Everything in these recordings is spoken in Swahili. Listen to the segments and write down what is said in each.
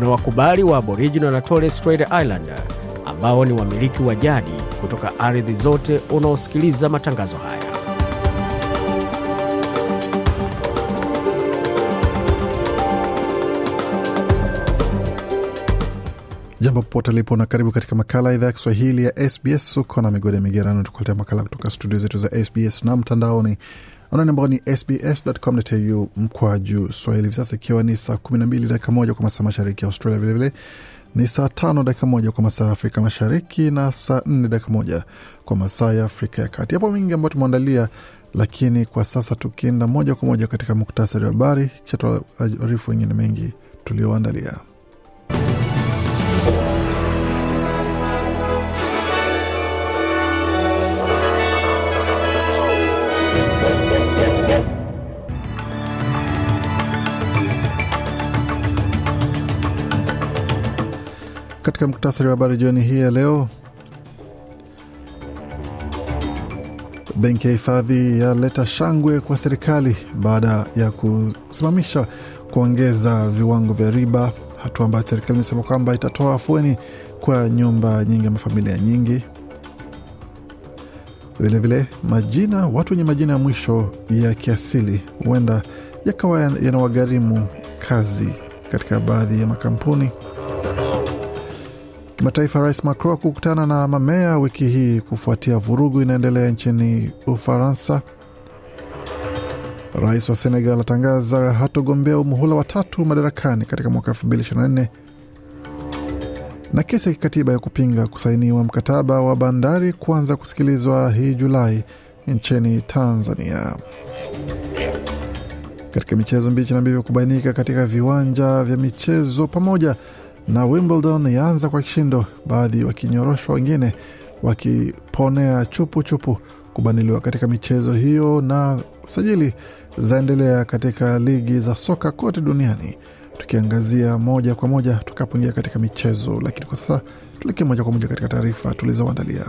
kuna wakubali wa Aboriginal na Torres Strait Islander ambao ni wamiliki wa jadi kutoka ardhi zote unaosikiliza matangazo haya. Jambo popote lipo na karibu katika makala idhaa ya Kiswahili ya SBS. Uko na ya migerano, tukuletea makala kutoka studio zetu za SBS na mtandaoni anwani ambao ni sbs.com.au mkwa juu swahili, hivi sasa ikiwa ni saa mbili dakika moja kwa masaa mashariki ya Australia, vilevile ni saa tano dakika moja kwa masaa ya Afrika Mashariki na saa nne dakika moja kwa masaa ya Afrika ya Kati. Yapo mengi ambayo tumeandalia, lakini kwa sasa tukienda moja kwa moja katika muktasari wa habari, kisha tuarifu wengine mengi tulioandalia. katika muktasari wa habari jioni hii ya leo. Benki ya Hifadhi yaleta shangwe kwa serikali baada ya kusimamisha kuongeza viwango vya riba, hatua ambayo serikali imesema kwamba itatoa afueni kwa nyumba nyingi ama familia nyingi. Vilevile vile, majina watu wenye majina ya mwisho ya kiasili huenda yakawa yanawagharimu kazi katika baadhi ya makampuni. Kimataifa, Rais Macron kukutana na mamea wiki hii kufuatia vurugu inaendelea nchini Ufaransa. Rais wa Senegal atangaza hatogombea umuhula watatu madarakani katika mwaka 2024 na kesi ya kikatiba ya kupinga kusainiwa mkataba wa bandari kuanza kusikilizwa hii Julai nchini Tanzania. Katika michezo, mbichi na mbivyo kubainika katika viwanja vya michezo pamoja na Wimbledon yaanza kwa kishindo, baadhi wakinyoroshwa, wengine wakiponea chupu chupu kubaniliwa katika michezo hiyo, na sajili zaendelea katika ligi za soka kote duniani, tukiangazia moja kwa moja tukapoingia katika michezo. Lakini kwa sasa tuelekee moja kwa moja katika taarifa tulizoandalia.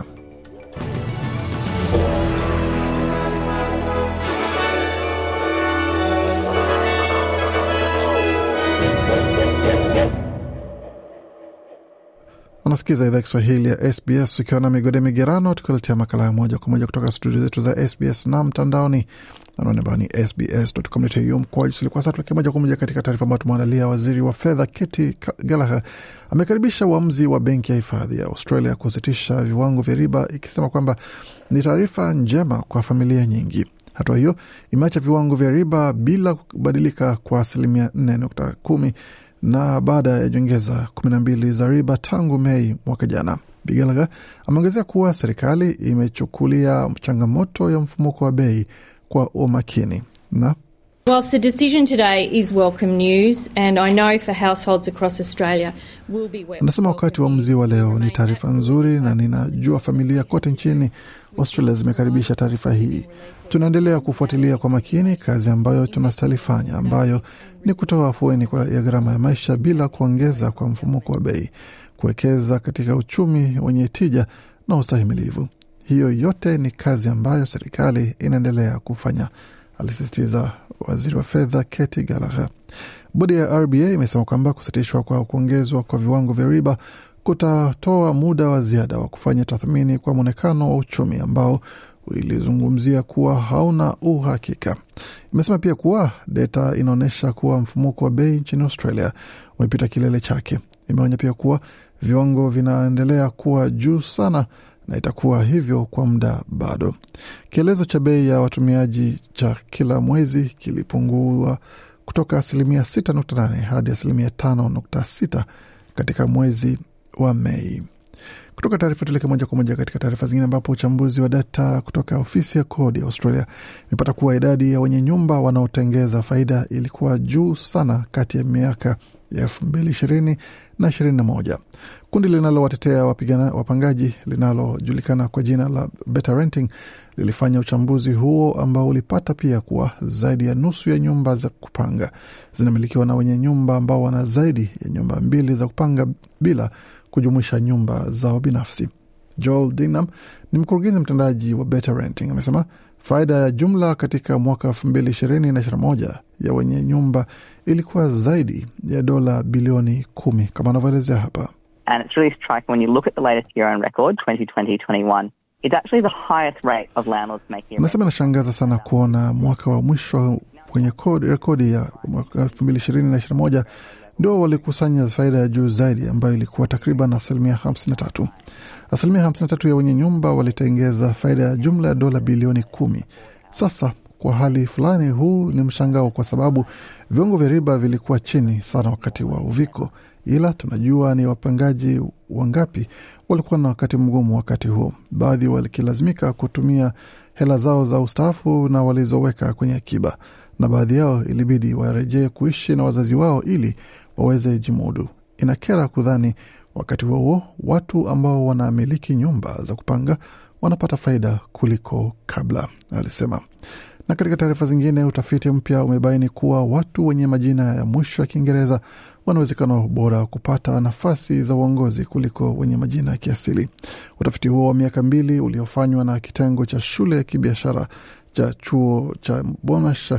Unasikiza idhaa Kiswahili ya SBS ukiwa na migode migerano, tukuletea makala ya moja kwa moja kutoka studio zetu za SBS na mtandaoni, anwani ambayo ni Kwa moja kwa moja katika taarifa ambayo tumeandalia. Waziri wa fedha kati galaha amekaribisha uamzi wa benki ya hifadhi ya Australia kusitisha viwango vya riba, ikisema kwamba ni taarifa njema kwa familia nyingi. Hatua hiyo imeacha viwango vya riba bila kubadilika kwa asilimia 4.10 na baada ya nyongeza 12 za riba tangu Mei mwaka jana. Bigelaga ameongezea kuwa serikali imechukulia changamoto ya mfumuko wa bei kwa umakini na Anasema wakati wa uamuzi wa leo ni taarifa nzuri, na ninajua familia kote nchini Australia zimekaribisha taarifa hii. Tunaendelea kufuatilia kwa makini kazi ambayo tunastahili fanya, ambayo ni kutoa afueni ya gharama ya maisha bila kuongeza kwa mfumuko wa bei, kuwekeza katika uchumi wenye tija na ustahimilivu. Hiyo yote ni kazi ambayo serikali inaendelea kufanya alisisitiza waziri wa fedha Kati Gallagher. Bodi ya RBA imesema kwamba kusitishwa kwa kuongezwa kwa viwango vya riba kutatoa muda wa ziada wa kufanya tathmini kwa mwonekano wa uchumi ambao ilizungumzia kuwa hauna uhakika. Imesema pia kuwa data inaonyesha kuwa mfumuko wa bei nchini Australia umepita kilele chake. Imeonya pia kuwa viwango vinaendelea kuwa juu sana na itakuwa hivyo kwa muda bado. Kielezo cha bei ya watumiaji cha kila mwezi kilipungua kutoka asilimia 6.8 hadi asilimia 5.6 katika mwezi wa Mei. Kutoka taarifa tuleke moja kwa moja katika taarifa zingine, ambapo uchambuzi wa data kutoka ofisi ya kodi ya Australia imepata kuwa idadi ya wenye nyumba wanaotengeza faida ilikuwa juu sana kati ya miaka ya ishirini na moja. Kundi linalowatetea wapangaji linalojulikana kwa jina la Better Renting lilifanya uchambuzi huo ambao ulipata pia kuwa zaidi ya nusu ya nyumba za kupanga zinamilikiwa na wenye nyumba ambao wana zaidi ya nyumba mbili za kupanga bila kujumuisha nyumba zao binafsi. Joel Dinam ni mkurugenzi mtendaji wa Better Renting, amesema faida ya jumla katika mwaka ishirini na moja ya wenye nyumba ilikuwa zaidi ya dola bilioni kumi kama anavyoelezea hapa. Nasema inashangaza sana kuona mwaka wa mwisho kwenye rekodi ya mwaka elfu mbili ishirini na ishirini na moja ndio walikusanya faida ya juu zaidi ambayo ilikuwa takriban asilimia 53. Asilimia 53 ya wenye nyumba walitengeza faida ya jumla ya dola bilioni kumi. Sasa kwa hali fulani, huu ni mshangao kwa sababu viwango vya riba vilikuwa chini sana wakati wa uviko, ila tunajua ni wapangaji wangapi walikuwa na wakati mgumu wakati huo, baadhi walikilazimika kutumia hela zao za ustaafu na walizoweka kwenye akiba, na baadhi yao ilibidi warejee kuishi na wazazi wao ili waweze jimudu. Inakera kudhani wakati huo huo watu ambao wanamiliki nyumba za kupanga wanapata faida kuliko kabla, alisema. Na katika taarifa zingine, utafiti mpya umebaini kuwa watu wenye majina ya mwisho ya Kiingereza wana uwezekano bora kupata nafasi za uongozi kuliko wenye majina ya kiasili. Utafiti huo wa miaka mbili uliofanywa na kitengo cha shule ya kibiashara cha chuo cha Bonash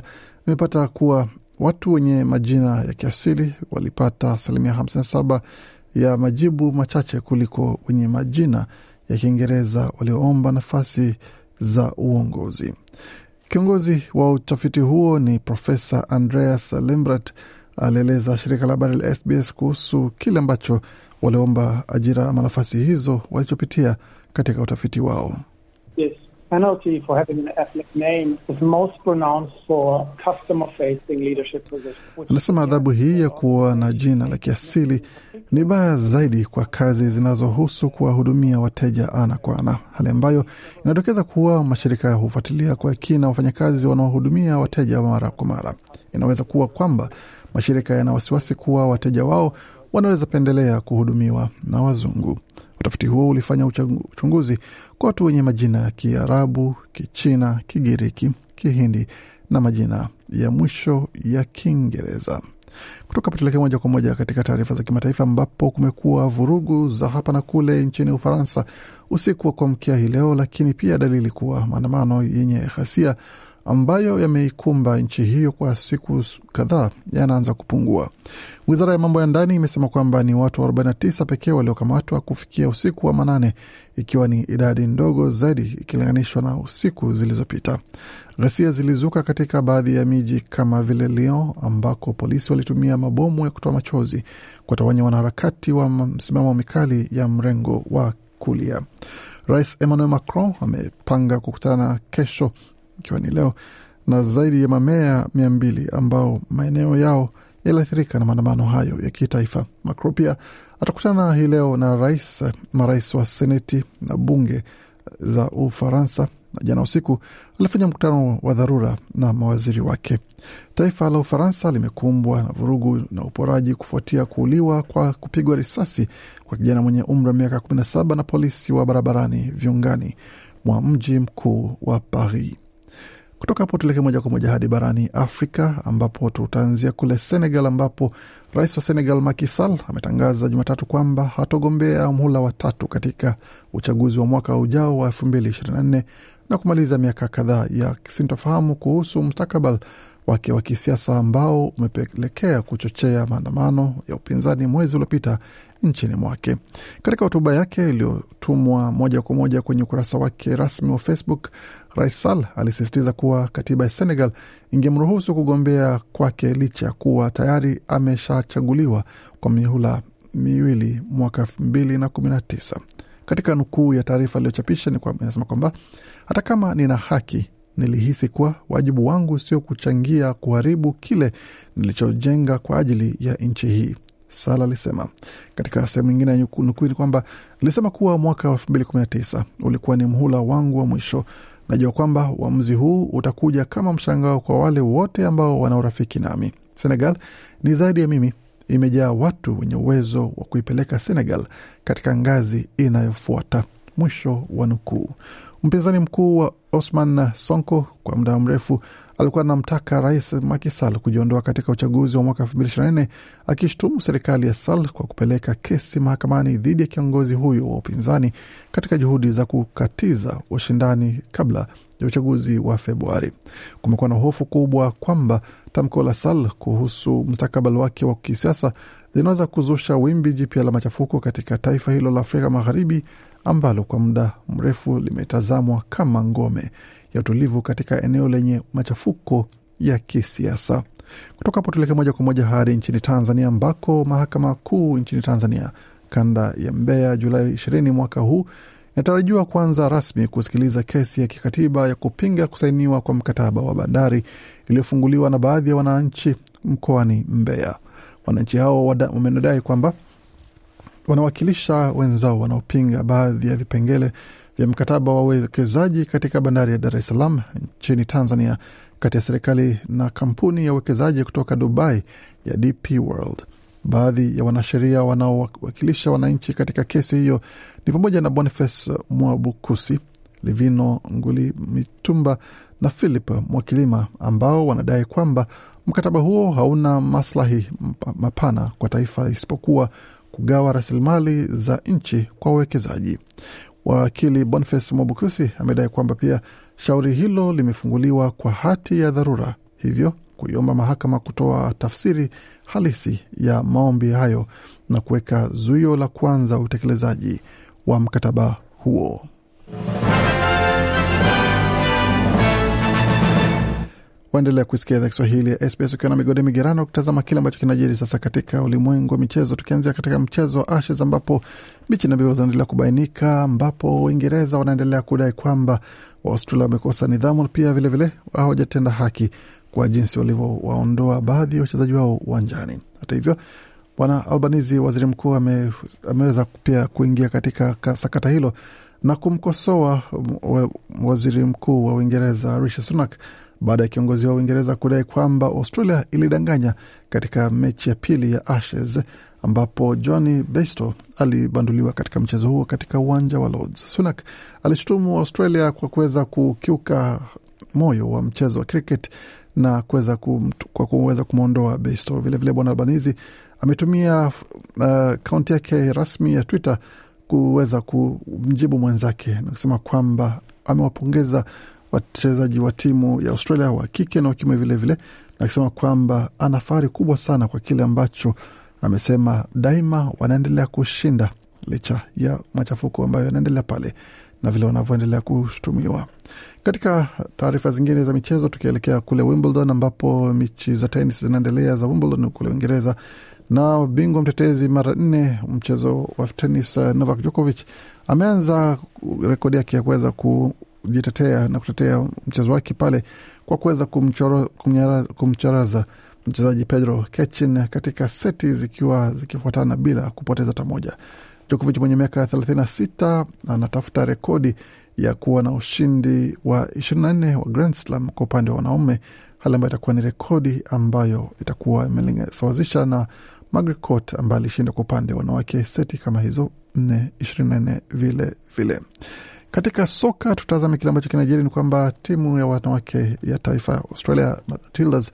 imepata kuwa Watu wenye majina ya kiasili walipata asilimia 57 ya majibu machache kuliko wenye majina ya Kiingereza walioomba nafasi za uongozi. Kiongozi wa utafiti huo ni Profesa Andreas Lembrat alieleza shirika la habari la SBS kuhusu kile ambacho waliomba ajira ama nafasi hizo walichopitia katika utafiti wao. Yes penalty for having an ethnic name is most pronounced for customer facing leadership positions. Anasema adhabu hii ya kuwa na jina la kiasili ni baya zaidi kwa kazi zinazohusu kuwahudumia wateja ana kwa ana, hali ambayo inatokeza kuwa mashirika hufuatilia kwa kina wafanyakazi wanaohudumia wateja mara kwa mara. Inaweza kuwa kwamba mashirika yana wasiwasi kuwa wateja wao wanaweza pendelea kuhudumiwa na wazungu. Utafiti huo ulifanya uchunguzi kwa watu wenye majina ya Kiarabu, Kichina, Kigiriki, Kihindi na majina ya mwisho ya Kiingereza. Kutoka patuleke moja kwa moja katika taarifa za kimataifa, ambapo kumekuwa vurugu za hapa na kule nchini Ufaransa usiku wa kuamkia hii leo, lakini pia dalili kuwa maandamano yenye ghasia ambayo yameikumba nchi hiyo kwa siku kadhaa yanaanza kupungua. Wizara ya mambo ya ndani imesema kwamba ni watu 49 pekee waliokamatwa kufikia usiku wa manane, ikiwa ni idadi ndogo zaidi ikilinganishwa na usiku zilizopita. Ghasia zilizuka katika baadhi ya miji kama vile Lyon, ambako polisi walitumia mabomu ya kutoa machozi kutawanya wanaharakati wa msimamo mikali ya mrengo wa kulia. Rais Emmanuel Macron amepanga kukutana kesho ikiwa ni leo na zaidi ya mamea mia mbili ambao maeneo yao yaliathirika na maandamano hayo ya kitaifa. Macron pia atakutana hii leo na rais, marais wa seneti na bunge za Ufaransa na jana usiku alifanya mkutano wa dharura na mawaziri wake. Taifa la Ufaransa limekumbwa na vurugu na uporaji kufuatia kuuliwa kwa kupigwa risasi kwa kijana mwenye umri wa miaka 17 na polisi wa barabarani viungani mwa mji mkuu wa Paris. Kutoka hapo tuelekee moja kwa moja hadi barani Afrika ambapo tutaanzia kule Senegal ambapo rais wa Senegal Macky Sall ametangaza Jumatatu kwamba hatogombea mhula wa tatu katika uchaguzi wa mwaka ujao wa 2024 na kumaliza miaka kadhaa ya sintofahamu kuhusu mustakabali wake wa kisiasa ambao umepelekea kuchochea maandamano ya upinzani mwezi uliopita nchini mwake. Katika hotuba yake iliyotumwa moja kwa moja kwenye ukurasa wake rasmi wa Facebook, Rais Sall alisisitiza kuwa katiba ya Senegal ingemruhusu kugombea kwake licha ya kuwa tayari ameshachaguliwa kwa mihula miwili mwaka elfu mbili na kumi na tisa. Katika nukuu ya taarifa aliyochapisha inasema kwamba hata kama nina haki, nilihisi kuwa wajibu wangu sio kuchangia kuharibu kile nilichojenga kwa ajili ya nchi hii. Sala alisema katika sehemu nyingine ya nukuu ni kwamba alisema kuwa mwaka wa tisa ulikuwa ni mhula wangu wa mwisho Najua kwamba uamuzi huu utakuja kama mshangao kwa wale wote ambao wana urafiki nami. Senegal ni zaidi ya mimi, imejaa watu wenye uwezo wa kuipeleka Senegal katika ngazi inayofuata. Mwisho wa nukuu. Mpinzani mkuu wa Osman Sonko kwa muda mrefu alikuwa anamtaka Rais Makisal kujiondoa katika uchaguzi wa mwaka 2024 akishtumu serikali ya Sal kwa kupeleka kesi mahakamani dhidi ya kiongozi huyo wa upinzani katika juhudi za kukatiza ushindani kabla ya uchaguzi wa Februari. Kumekuwa na hofu kubwa kwamba tamko la Sal kuhusu mustakabali wake wa kisiasa linaweza kuzusha wimbi jipya la machafuko katika taifa hilo la Afrika Magharibi ambalo kwa muda mrefu limetazamwa kama ngome ya utulivu katika eneo lenye machafuko ya kisiasa. Kutoka hapo tuelekee moja kwa moja hadi nchini Tanzania, ambako mahakama kuu nchini Tanzania kanda ya Mbeya Julai ishirini mwaka huu inatarajiwa kuanza rasmi kusikiliza kesi ya kikatiba ya kupinga kusainiwa kwa mkataba wa bandari iliyofunguliwa na baadhi ya wananchi mkoani Mbeya. Wananchi hao wamenadai kwamba wanawakilisha wenzao wanaopinga baadhi ya vipengele vya mkataba wa uwekezaji katika bandari ya Dar es Salaam nchini Tanzania kati ya serikali na kampuni ya uwekezaji kutoka Dubai ya DP World. Baadhi ya wanasheria wanaowakilisha wananchi katika kesi hiyo ni pamoja na Boniface Mwabukusi, Livino Nguli Mitumba na Philip Mwakilima, ambao wanadai kwamba mkataba huo hauna maslahi mapana kwa taifa isipokuwa kugawa rasilimali za nchi kwa wawekezaji. Wakili Boniface Mwabukusi amedai kwamba pia shauri hilo limefunguliwa kwa hati ya dharura, hivyo kuiomba mahakama kutoa tafsiri halisi ya maombi hayo na kuweka zuio la kwanza utekelezaji wa mkataba huo. Waendelea kusikia idhaa Kiswahili ya SBS ukiwa na migodi migerano, kutazama kile ambacho kinajiri sasa katika ulimwengu wa michezo, tukianzia katika mchezo wa Ashes ambapo bichi na mbivu zinaendelea kubainika, ambapo Uingereza wanaendelea kudai kwamba Waaustralia wamekosa nidhamu, pia vilevile hawajatenda haki kwa jinsi walivyowaondoa baadhi ya wachezaji wao uwanjani. Hata hivyo Bwana Albanizi, waziri mkuu, ameweza pia kuingia katika sakata hilo na kumkosoa waziri mkuu wa Uingereza Rishi Sunak baada ya kiongozi wa Uingereza kudai kwamba Australia ilidanganya katika mechi ya pili ya Ashes ambapo Johnny Bairstow alibanduliwa katika mchezo huo katika uwanja wa Lords. Sunak alishutumu Australia kwa kuweza kukiuka moyo wa mchezo wa cricket na kuweza kum, kwa kuweza kumwondoa Bairstow. Vilevile Bwana Albanizi ametumia uh, kaunti yake rasmi ya Twitter kuweza kumjibu mwenzake na kusema kwamba amewapongeza wachezaji wa timu ya Australia wa kike na wakiume vilevile, na akisema kwamba ana fahari kubwa sana kwa kile ambacho amesema, daima wanaendelea kushinda licha ya machafuko ambayo yanaendelea pale na vile wanavyoendelea kushutumiwa. Katika taarifa zingine za michezo, tukielekea kule Wimbledon ambapo michi za tenis zinaendelea za Wimbledon kule Uingereza, na bingwa mtetezi mara nne mchezo wa tenis Novak Djokovic ameanza rekodi yake ya kuweza ku kujitetea na kutetea mchezo wake pale kwa kuweza kumcharaza mchezaji Pedro Kechin katika seti zikiwa zikifuatana bila kupoteza hata moja. Djokovic mwenye miaka 36 anatafuta rekodi ya kuwa na ushindi wa 24 wa Grand Slam kwa upande wa wanaume, hali ambayo itakuwa ni rekodi ambayo itakuwa imesawazisha na Margaret Court ambaye alishinda kwa upande wa wanawake seti kama hizo 4 24 vile vile. Katika soka tutazame kile ambacho kinajiri ni kwamba timu ya wanawake ya taifa Australia Matildas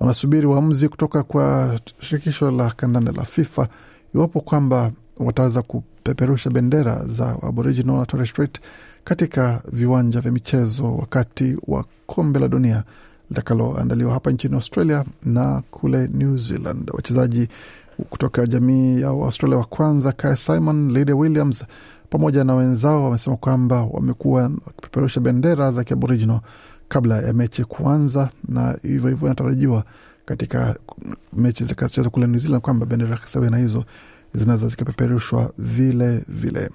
wanasubiri uamuzi kutoka kwa shirikisho la kandanda la FIFA iwapo kwamba wataweza kupeperusha bendera za Aboriginal na Torres Strait katika viwanja vya michezo wakati wa kombe la dunia litakaloandaliwa hapa nchini Australia na kule New Zealand. Wachezaji kutoka jamii ya Australia wa kwanza Kaya Simon, Lydia Williams pamoja na wenzao wamesema kwamba wamekuwa wakipeperusha bendera za kiaborijino kabla ya mechi kuanza, na hivyo hivyo inatarajiwa katika mechi zitakazochezwa kule New Zealand kwamba bendera sawia na hizo zinaweza zikapeperushwa vile vile.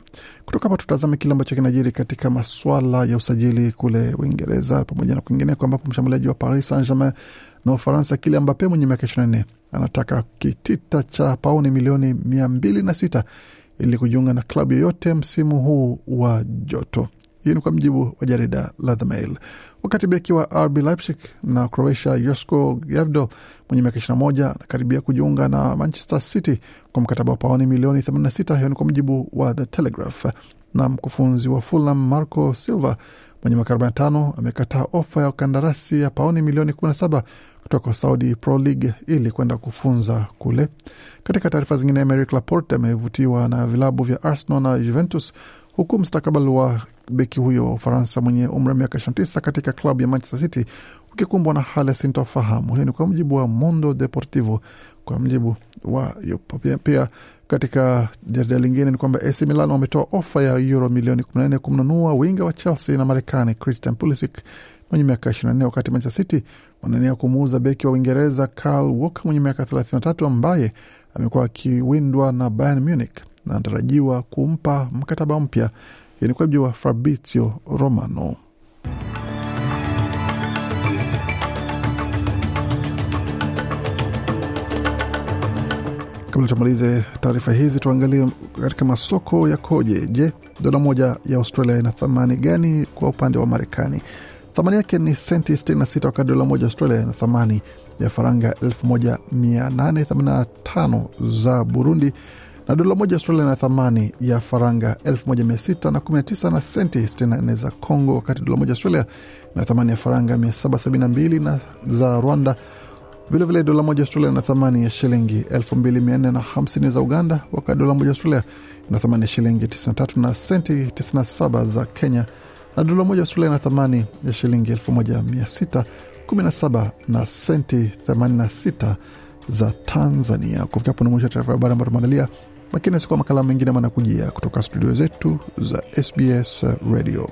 Kutoka hapa tutazame kile ambacho kinajiri katika maswala ya usajili kule Uingereza pamoja na kwingineko, ambapo mshambuliaji wa Paris Saint Germain na Ufaransa Kylian Mbappe mwenye miaka ishirini na nne anataka kitita cha pauni milioni mia mbili na sita ili kujiunga na klabu yoyote msimu huu wa joto. Hii ni kwa mjibu wa jarida la The Mail. Wakati beki wa RB Leipzig na Croatia Josko Gvardiol mwenye miaka 21 anakaribia kujiunga na Manchester City kwa mkataba wa paoni milioni 86. Hiyo ni kwa mjibu wa The Telegraph. Na mkufunzi wa Fulham Marco Silva mwenye miaka 45 amekataa ofa ya kandarasi ya paoni milioni 17 kutoka Saudi Pro League ili kwenda kufunza kule. Katika taarifa zingine, Emerick Laporte amevutiwa na vilabu vya Arsenal na Juventus, huku mstakabali wa beki huyo wa Ufaransa mwenye umri wa miaka 29 katika klabu ya Manchester City kikumbwa na hali sintofahamu. hii ni kwa mujibu wa Mondo Deportivo, kwa mujibu wa yupo. Pia katika jarida lingine ni kwamba AC Milan wametoa ofa ya euro milioni 14 kumnunua winga wa Chelsea na Marekani Christian Pulisic mwenye miaka 24, wakati Manchester City wanaenea kumuuza beki wa Uingereza Kyle Walker mwenye miaka 33 ambaye amekuwa akiwindwa na Bayern Munich na anatarajiwa kumpa mkataba mpya. Hii ni kwa mujibu wa Fabrizio Romano. Kabla tumalize taarifa hizi, tuangalie katika masoko yakoje. Je, dola moja ya Australia ina thamani gani kwa upande wa Marekani? Thamani yake ni senti 66, wakati dola moja Australia ina thamani ya faranga 1885 za Burundi na dola moja Australia na thamani ya faranga 1619 na senti 64 za Congo, wakati dola moja Australia na thamani ya faranga 772 na za Rwanda Vilevile dola moja Australia ina thamani ya shilingi 2450 za Uganda, wakati dola moja Australia ina thamani ya shilingi 93 na senti 97 za Kenya, na dola moja Australia ina thamani ya shilingi 1617 na senti 86 za Tanzania. Kufikia hapo ni mwisho wa taarifa ya habari ambayo tumeandalia. Makini sikuwa makala mengine manakujia kutoka studio zetu za SBS Radio.